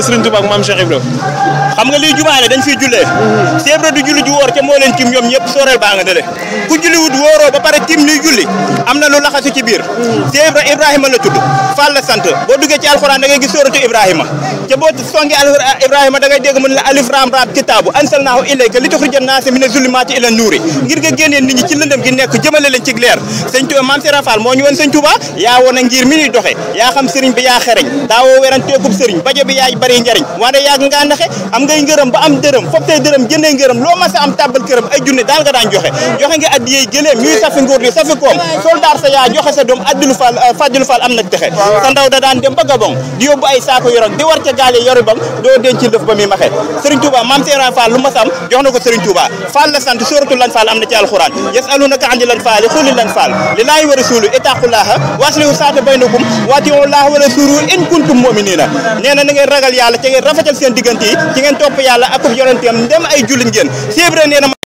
diggante Serigne Touba ak maam Cheikh Ibrahima xam nga lii jumaa la dañ fiy jullee mm-hmm. sebre du julli ju wóor ca moo leen tim ñoom ñëpp sooreel baa nga dële ku julliwut wóoroo ba pare tim luy julli am na lu laxasu ci biir mm-hmm. sebre ibrahima la tudd Fall la sant boo duggee ci alxuraan da ngay gis sooratu ibrahima ca boo songi ibrahima da ngay dégg mën la alif ram raab kitaabu ansalnaahu ilayka li tuxrija naasi mina zulumaati ila nuuri ngir nga génnee nit ci lëndëm gi nekk jëmale leen ci leer sëñ Tuuba maam Sera Fall moo ñu woon sëñ Tuuba a yaa xam sëriñ bi yaa xereñ daawoo weran teekub sëriñ bajo bi yaay bari ngay ngërëm ba am dërëm foog tey dërëm jëndee ngërëm loo mas a am tàbbal këram ay junne daal nga daan joxe joxe nga addiyey gëleem ñuy safi nguur di safi koom soldaar sa yaa joxe sa doom addilu fal fàddilu fal am nag texe sa ndaw da daan dem ba gabon di yóbbu ay saako yorog di war ca gaale yori bam doo denc lëf ba muy maxe Serigne Touba maam Seera Fall lu mas am jox na ko Serigne Touba Fall la sant suratul lan Fall am na ci alxuraan yasalunaka andi lan faali xuli lan faal lillaahi wa rasulu ittaqullaha waslihu saata baynakum waatiullaha wa rasuluhu in kuntum muminina nee na na ngeen ragal yàlla ci ngeen rafetal seen diggante yi ngeen topp yàlla akub yonentam ndem ay jullit ngeen